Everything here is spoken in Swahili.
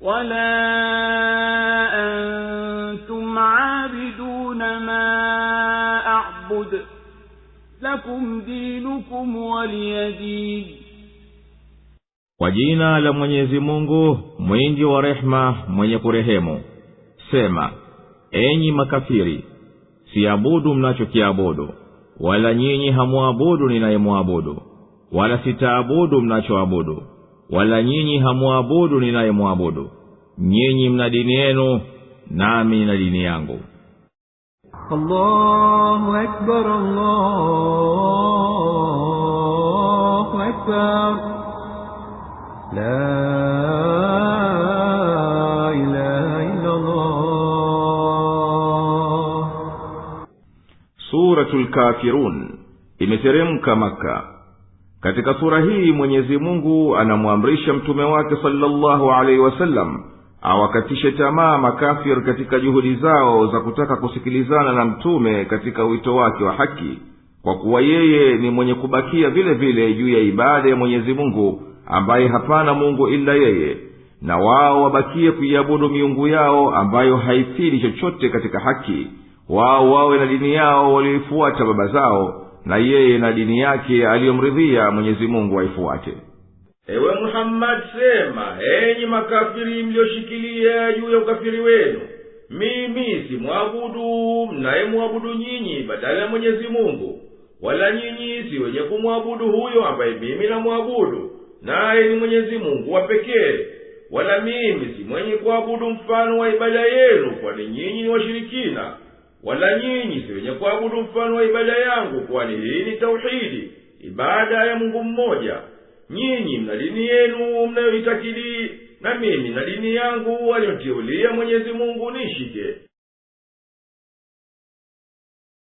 ولا أنتم عابدون ما أعبد لكم دينكم ولي kwa jina la mwenyezi mungu mwingi wa rehema mwenye kurehemu sema enyi makafiri siabudu mnachokiabudu wala nyinyi hamwabudu ninayemwabudu wala sitaabudu mnachoabudu wala nyinyi hamwabudu ninayemwabudu nyinyi mna dini yenu nami na dini yangu Allahu akbar, Allahu akbar. La ilaha illa Allah. Suratul Kafirun imeteremka katika sura hii mwenyezi mungu anamwamrisha mtume wake salllahu alaihi wasallam awakatishe tamaa makafir katika juhudi zao za kutaka kusikilizana na mtume katika wito wake wa haki kwa kuwa yeye ni mwenye kubakia vile vile juu ya ibada ya mwenyezi mungu ambaye hapana mungu ila yeye na wao wabakie kuiabudu miungu yao ambayo haifidi chochote katika haki wao wawe na dini yao walioifuata baba zao na yeye na dini yake aliyomridhia mwenyezimungu mungu aifuate ewe muhammadi sema enyi makafiri mliyoshikilia juu ya ukafiri wenu mimi simwabudu mnayemwabudu nyinyi badala ya mwenyezi mungu wala nyinyi si wenye kumwabudu huyo ambaye mimi namwabudu naye ni mwenyezi mungu wa pekee wala mimi si mwenye kuabudu mfano wa ibada yenu kwani nyinyi ni washirikina wala nyinyi si wenye kuabudu mfano wa ibada yangu, kwani hii ni tauhidi, ibada ya Mungu mmoja. Nyinyi mna dini yenu mnayoitakidi, na mimi na dini yangu aliyotiulia Mwenyezi Mungu nishike.